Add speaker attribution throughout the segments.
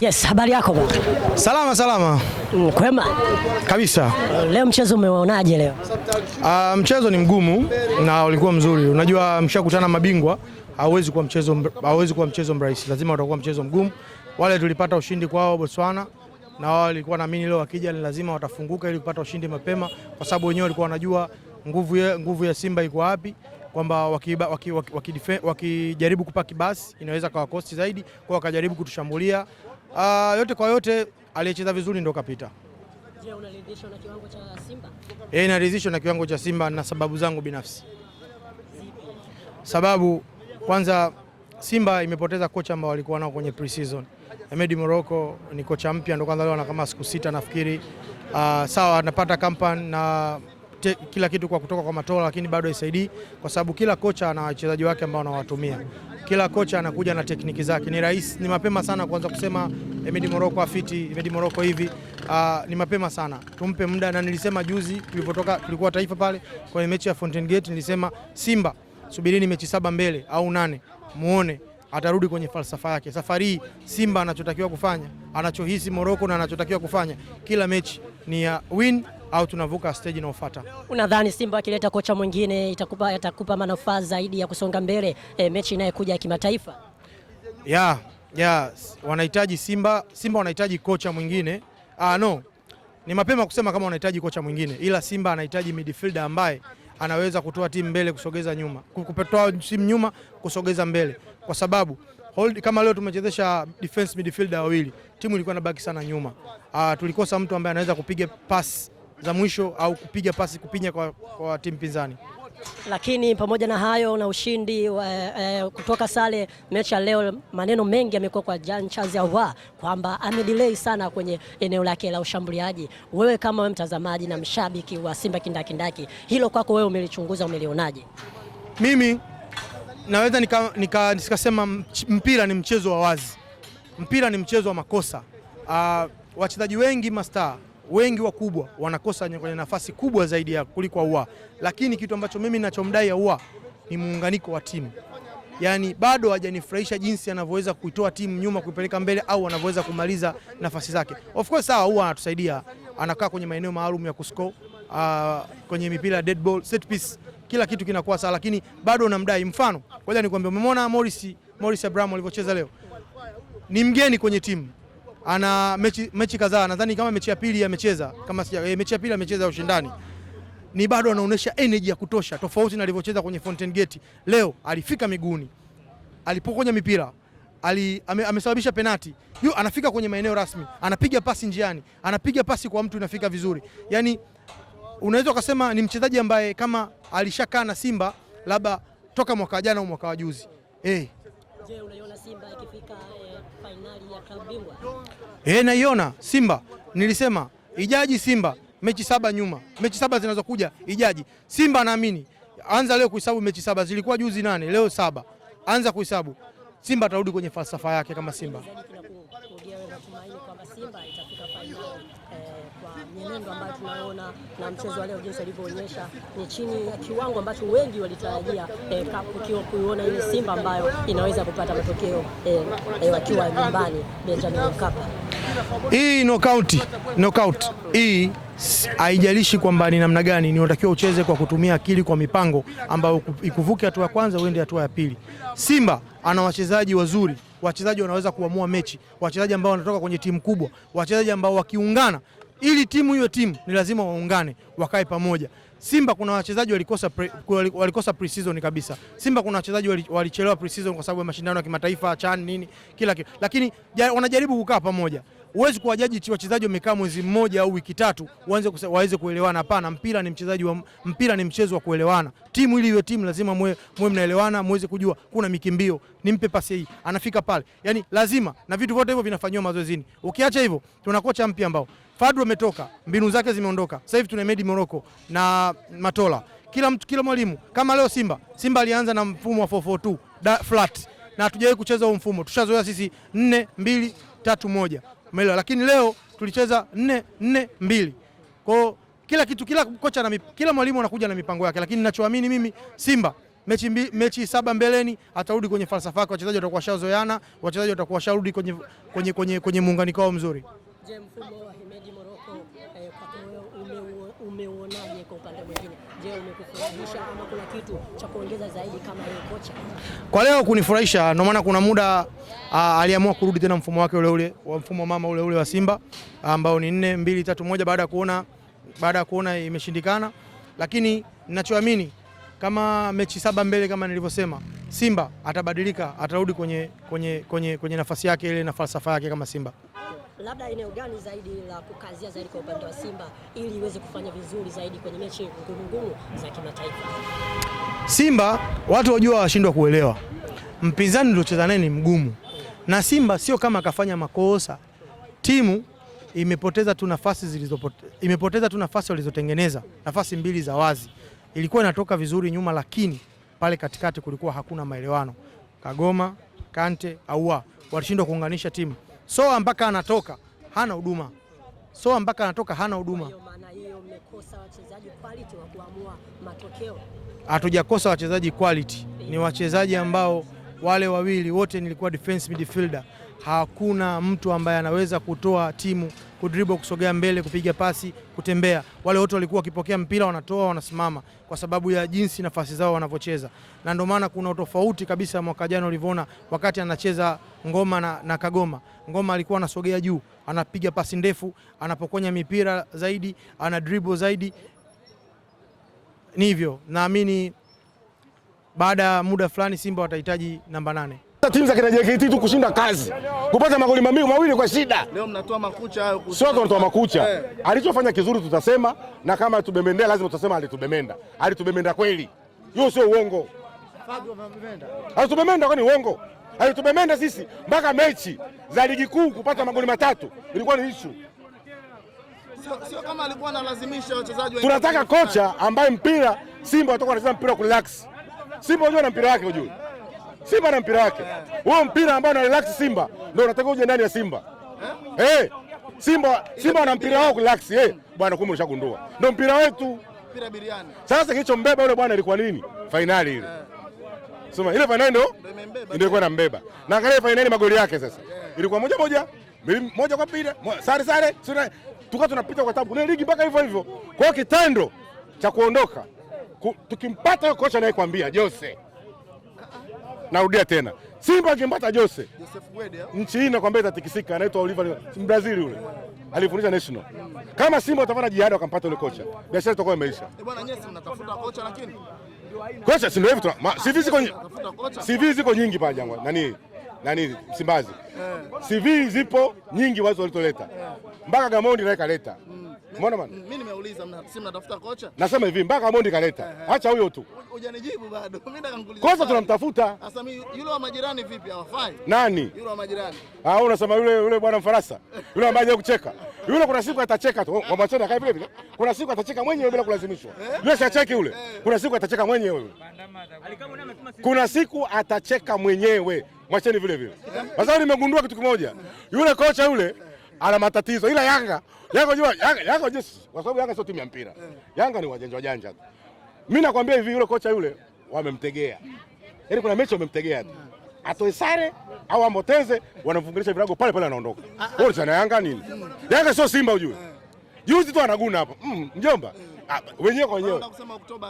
Speaker 1: Yes, habari yako bwana?
Speaker 2: Salama salama. Mm, kwema kabisa.
Speaker 1: Uh, leo mchezo umeonaje leo?
Speaker 2: Uh, mchezo ni mgumu na ulikuwa mzuri. Unajua mshakutana mabingwa, hauwezi kuwa mchezo hauwezi kuwa mchezo mrahisi, lazima utakuwa mchezo mgumu. Wale tulipata ushindi kwao Botswana na wao walikuwa naamini leo wakija ni lazima watafunguka ili kupata ushindi mapema, kwa sababu wenyewe walikuwa wanajua nguvu ya, nguvu ya Simba iko wapi kwamba wakijaribu waki, waki, waki, waki kupaki basi inaweza kawakosti zaidi, kwa wakajaribu kutushambulia Uh, yote kwa yote aliyecheza vizuri ndio kapita.
Speaker 1: Je, unaridhishwa na kiwango cha Simba?
Speaker 2: Eh, naridhishwa na kiwango cha Simba na sababu zangu binafsi. Sababu kwanza Simba imepoteza kocha ambao walikuwa nao kwenye pre-season. Ahmed Morocco ni kocha mpya ndo kwanza leo ana kama siku sita nafikiri. Uh, sawa anapata kampani na te, kila kitu kwa kutoka kwa Matola, lakini bado haisaidii kwa sababu kila kocha ana wachezaji wake ambao anawatumia, kila kocha anakuja na tekniki zake. Ni rais, ni mapema sana kuanza kusema Emedi Moroko afiti, Emedi Moroko hivi. Uh, ni mapema sana, tumpe muda, na nilisema juzi tulipotoka, tulikuwa taifa pale kwenye mechi ya Fountain Gate, nilisema Simba subirini mechi saba mbele au nane, muone atarudi kwenye falsafa yake. Safari hii Simba anachotakiwa kufanya, anachohisi Moroko na anachotakiwa kufanya kila mechi ni ya win au tunavuka stage inayofuata.
Speaker 1: Unadhani Simba akileta kocha mwingine itakupa, itakupa manufaa zaidi ya kusonga mbele e, mechi inayokuja ya kimataifa?
Speaker 2: ya yeah, wanahitaji Simba, Simba wanahitaji kocha mwingine. Ah, no. Ni mapema kusema kama wanahitaji kocha mwingine, ila Simba anahitaji midfielder ambaye anaweza kutoa timu mbele kusogeza nyuma, kutoa timu nyuma kusogeza mbele, kwa sababu hold, kama leo tumechezesha defense midfielder wawili, timu ilikuwa inabaki sana nyuma. Ah, tulikosa mtu ambaye anaweza kupiga pass za mwisho au kupiga pasi kupinya kwa, kwa timu pinzani.
Speaker 1: Lakini pamoja na hayo na ushindi e, e, kutoka sale mechi ya leo, maneno mengi yamekuwa kwa Jean Charles Ahoua kwamba amedelay sana kwenye eneo lake la ushambuliaji. Wewe kama wewe mtazamaji na mshabiki wa Simba kindakindaki, hilo kwako wewe umelichunguza, umelionaje?
Speaker 2: Mimi naweza nikasema nika, nika mpira ni mchezo wa wazi, mpira ni mchezo wa makosa. Uh, wachezaji wengi mastaa wengi wakubwa wanakosa kwenye nafasi kubwa zaidi ya kuliko Ahoua, lakini kitu ambacho mimi ninachomdai Ahoua ni muunganiko wa timu. Yaani bado hajanifurahisha jinsi anavyoweza kuitoa timu nyuma kuipeleka mbele au anavyoweza kumaliza nafasi zake. Of course sawa, huwa anatusaidia, anakaa kwenye maeneo maalum ya kuscore uh, kwenye mipira ya dead ball, set piece, kila kitu kinakuwa sawa, lakini bado namdai. Mfano, ngoja nikwambie, umemwona Morris Morris Abraham alivyocheza leo, ni mgeni kwenye timu ana mechi, mechi kadhaa nadhani kama mechi ya pili amecheza kama sija e, mechi ya pili amecheza ushindani, ni bado anaonyesha energy ya kutosha, tofauti na alivyocheza kwenye Fountain Gate. Leo alifika miguuni, alipokonya mipira ali, ame, amesababisha penati. Yu anafika kwenye maeneo rasmi, anapiga pasi njiani, anapiga pasi kwa mtu inafika vizuri. Yani unaweza ukasema ni mchezaji ambaye kama alishakaa na Simba labda toka mwaka jana au mwaka wa juzi eh.
Speaker 1: Je, unaiona Simba ikifika eh, fainali ya klabu bingwa
Speaker 2: eh, naiona Simba. Nilisema ijaji Simba mechi saba nyuma, mechi saba zinazokuja ijaji Simba. Naamini anza leo kuhesabu mechi saba, zilikuwa juzi nane, leo saba. Anza kuhesabu Simba atarudi kwenye falsafa yake kama Simba
Speaker 1: mienendo ambayo tunaona na mchezo wa leo jinsi alivyoonyesha ni chini ya kiwango ambacho wengi walitarajia eh, ukiwa kuiona hii Simba ambayo inaweza kupata matokeo eh, eh, wakiwa nyumbani Benjamin Mkapa.
Speaker 2: Hii knockout knockout hii haijalishi kwamba ni namna gani, ni unatakiwa ucheze kwa kutumia akili, kwa mipango ambayo ikuvuke hatua ya kwanza uende hatua ya pili. Simba ana wachezaji wazuri, wachezaji wanaweza kuamua mechi, wachezaji ambao wanatoka kwenye timu kubwa, wachezaji ambao wakiungana ili timu hiyo timu ni lazima waungane, wakae pamoja. Simba kuna wachezaji walikosa pre, walikosa pre-season kabisa. Simba kuna wachezaji walichelewa pre-season kwa sababu ya mashindano ya kimataifa, CHAN nini, kila kitu, lakini wanajaribu kukaa pamoja. Huwezi kuwajaji wachezaji wamekaa mwezi mmoja au wiki tatu waanze waweze kuelewana. Hapana, mpira ni mchezaji wa mpira ni mchezo wa kuelewana. Timu ili iwe timu lazima mwe, mwe mnaelewana, muweze kujua kuna mikimbio, nimpe pasi hii, anafika pale. Yani lazima na vitu vyote hivyo vinafanywa mazoezini. Ukiacha hivyo tuna kocha mpya ambao Fadlu ametoka, mbinu zake zimeondoka. Sasa hivi tuna Medi Moroko na Matola. Kila mtu kila mwalimu kama leo Simba, Simba alianza na mfumo wa 442 flat na hatujawahi kucheza huo mfumo. Tushazoea sisi 4 2 3 1. Umeelewa? Lakini leo tulicheza nne nne mbili. Kwa kila kitu, kila kocha na kila mwalimu anakuja na mipango yake, lakini ninachoamini mimi Simba mechi, mbi, mechi saba mbeleni atarudi kwenye falsafa yake. Wachezaji watakuwa washazoeana, wachezaji watakuwa washarudi kwenye, kwenye, kwenye, kwenye muunganiko wao mzuri.
Speaker 1: Je, mfumo Je, umekusababisha ama kuna kitu cha kuongeza zaidi kama yeye kocha?
Speaker 2: Kwa leo kunifurahisha, ndio maana kuna muda uh, aliamua kurudi tena mfumo wake ule ule wa mfumo mama ule ule wa Simba ambao ni 4 2 3 1 baada ya kuona baada ya kuona imeshindikana, lakini ninachoamini kama mechi saba mbele, kama nilivyosema, Simba atabadilika, atarudi kwenye, kwenye, kwenye, kwenye nafasi yake ile na falsafa yake kama Simba
Speaker 1: labda eneo gani zaidi la kukazia zaidi kwa upande wa Simba ili iweze kufanya vizuri zaidi kwenye mechi ngumu ngumu za kimataifa?
Speaker 2: Simba watu wajua, washindwa kuelewa mpinzani uliocheza naye ni mgumu, na Simba sio kama akafanya makosa. Timu imepoteza tu nafasi zilizopoteza, imepoteza tu nafasi walizotengeneza, nafasi mbili za wazi. Ilikuwa inatoka vizuri nyuma, lakini pale katikati kulikuwa hakuna maelewano. Kagoma Kante aua walishindwa kuunganisha timu soa mpaka anatoka hana huduma, soa mpaka anatoka hana huduma. Hatujakosa wachezaji quality, ni wachezaji ambao wale wawili wote nilikuwa defense midfielder. Hakuna mtu ambaye anaweza kutoa timu kudribble, kusogea mbele, kupiga pasi, kutembea. Wale wote walikuwa wakipokea mpira wanatoa, wanasimama kwa sababu ya jinsi nafasi zao wanavyocheza, na ndio maana kuna utofauti kabisa mwaka jana ulivyoona wakati anacheza Ngoma na, na Kagoma. Ngoma alikuwa anasogea juu, anapiga pasi ndefu, anapokonya mipira zaidi, ana dribble zaidi. Nivyo naamini baada ya muda fulani Simba watahitaji namba nane.
Speaker 3: Timu za kina JKT tu kushinda kazi kupata magoli mawili kwa shida.
Speaker 4: Leo mnatoa makucha hayo
Speaker 3: kusema. Sio mtoa makucha. Hey. Eh. Alichofanya kizuri tutasema na kama alitubemendea lazima tutasema alitubemenda. Alitubemenda kweli. Hiyo sio uongo. Alitubemenda kwani uongo? Alitubemenda sisi mpaka mechi za ligi kuu kupata magoli matatu ilikuwa ni issue.
Speaker 4: Sio, sio kama alikuwa analazimisha wachezaji
Speaker 3: wengi. tunataka kocha ambaye mpira Simba watakuwa wanacheza mpira kwa relax. Simba unajua na mpira wake unajua. Simba na mpira wake huo, yeah. mpira ambao na relax Simba ndio unataka uje ndani ya Simba yeah. hey. Eh, Simba Simba na mpira wao relax eh, hey. Bwana kumbe ulishagundua ndio mpira wetu. mpira biriani. Sasa kilichombeba yule bwana ilikuwa nini? Finali ile yeah. sema ile finali ndio ndio ilikuwa nambeba, na angalia finali magoli yake sasa yeah. ilikuwa moja moja moja kwa pili sare sare, tukawa tunapita kwa tabu ile ligi mpaka hivyo hivyo. Kwa hiyo kitendo cha kuondoka tukimpata kocha naye kwambia Jose narudia tena, Simba akimpata Jose eh? nchi hii nakwambia itatikisika. Anaitwa Oliver, Mbrazili yule alifundisha national. Kama Simba watafanya jihada wakampata yule kocha, biashara itakuwa imeisha.
Speaker 4: Eh,
Speaker 3: kocha si ndio hivi, ah, CV ziko nyingi pale Jangwa nani nani Msimbazi, eh. CV zipo nyingi, wazo walitoleta mpaka Gamondi naye kaleta Mbona bwana? Mimi mm,
Speaker 4: nimeuliza si mnatafuta kocha? Nasema
Speaker 3: hivi mpaka Mondi kaleta. Eh, eh. Acha huyo tu. Hujanijibu bado. Mimi nataka nikuulize. Kocha tunamtafuta. Sasa
Speaker 4: mimi yule wa majirani vipi hawafai?
Speaker 3: Nani? Yule wa majirani. Ah, wewe unasema yule yule bwana mfarasa. Yule ambaye haja kucheka. Yule kuna siku atacheka tu. Kwa machana kae vile vile. Kuna siku atacheka mwenyewe bila kulazimishwa. Eh? Yule si acheki yule. Kuna siku atacheka mwenyewe yule. Kuna siku atacheka mwenyewe. Mwacheni vile vile. Sasa nimegundua kitu kimoja. Yule kocha yule ana matatizo ila Yanga Yanga jua Yanga Yanga jinsi, kwa sababu Yanga sio timu ya mpira. Eh. Yanga ni wajanja wajanja. Mimi nakwambia hivi yule kocha yule wamemtegea. Yaani kuna mechi wamemtegea tu. Atoe sare au amboteze wanamfunganisha virago pale pale anaondoka. Ah, ah. Wewe sana Yanga nini? Yanga sio Simba ujue. Eh. Juzi tu anaguna hapa. Mm, mjomba. Ah, wenyewe kwa wenyewe.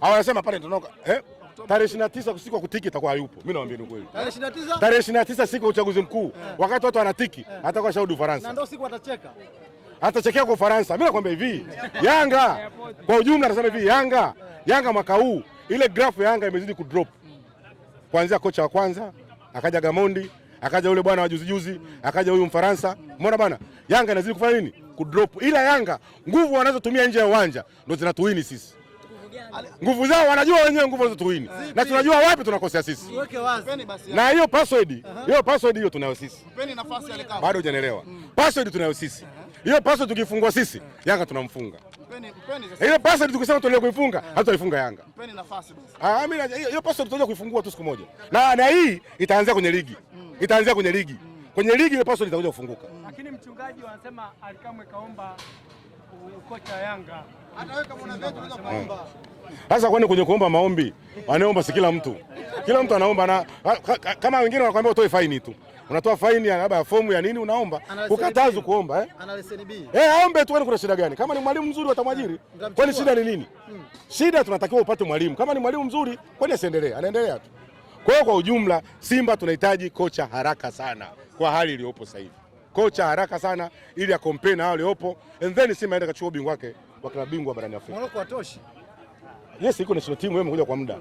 Speaker 3: Hawanasema pale tunaoka. Eh? tarehe 29 siku ya kutiki itakuwa hayupo. Mimi naambia ni kweli. Tarehe 29? Tarehe 29 siku ya uchaguzi mkuu. Eh. Wakati watu wanatiki, eh. atakuwa shahidi Ufaransa. Na
Speaker 4: ndio siku atacheka.
Speaker 3: Atachekea kwa Ufaransa. Mimi nakwambia hivi, Yanga kwa ujumla nasema hivi, Yanga Yanga mwaka huu ile grafu ya Yanga imezidi kudrop. Kuanzia kocha wa kwanza, akaja Gamondi, akaja yule bwana wa juzi juzi, akaja huyu Mfaransa. Umeona bwana? Yanga inazidi kufanya nini? Kudrop. Ila Yanga nguvu wanazotumia nje ya uwanja ndio zinatuwini sisi nguvu zao wanajua wenyewe nguvu zetu tuini, na tunajua wapi tunakosea sisi, na hiyo password hiyo password hiyo tunayo sisi. nafasi Bado hujanielewa? Mm. Password tunayo sisi hiyo password, tukifungwa sisi Yanga tunamfunga hiyo password. Tukisema tuendelee kuifunga hatutaifunga Yanga. nafasi basi. Ah, mimi Hiyo password tutaanza kuifungua tu siku moja, na na hii itaanzia kwenye ligi, mm. itaanzia kwenye ligi, mm. kwenye ligi hiyo password itakuja kufunguka. Lakini mchungaji wanasema
Speaker 4: Alikamwe kaomba kocha Yanga Hmm.
Speaker 3: Sasa kwani kwenye kuomba maombi, anaomba si kila mtu, kila mtu anaomba na kama wengine wanakuambia utoe faini tu, unatoa faini ya labda fomu ya nini, unaomba ukatazu kuomba
Speaker 4: eh? Ana leseni B.
Speaker 3: Eh, aombe tu, kwani kuna shida gani? Kama ni mwalimu mzuri watamwajiri, kwani shida ni nini? Hmm. Shida tunatakiwa upate mwalimu, kama ni mwalimu mzuri kwani asiendelee, anaendelea tu. Kwa hiyo kwa ujumla, Simba tunahitaji kocha haraka sana kwa hali iliyopo sasa hivi, kocha haraka sana ili akompe na hao waliopo, and then Simba aende kachukua ubingwa wake wa klabu bingwa barani Afrika.
Speaker 4: Morocco watoshi?
Speaker 3: Yes, iko national team, wewe umekuja kwa muda.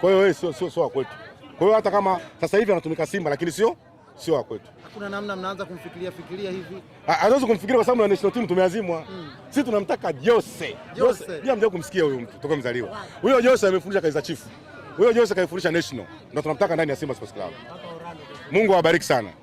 Speaker 3: Kwa hiyo wewe sio sio sio wa kwetu. Kwa hiyo hata kama sasa hivi anatumika Simba lakini sio sio wa kwetu.
Speaker 4: Hakuna namna mnaanza kumfikiria fikiria hivi.
Speaker 3: Hawezi kumfikiria kwa sababu na national team tumeazimwa. Mm. Sisi tunamtaka Jose. Jose. Jose. Mjao kumsikia huyo mtu toka mzaliwa. Huyo Jose amefundisha kazi za chifu. Huyo Jose kaifundisha national. Ndio tunamtaka ndani ya Simba Sports Club. Mungu awabariki sana.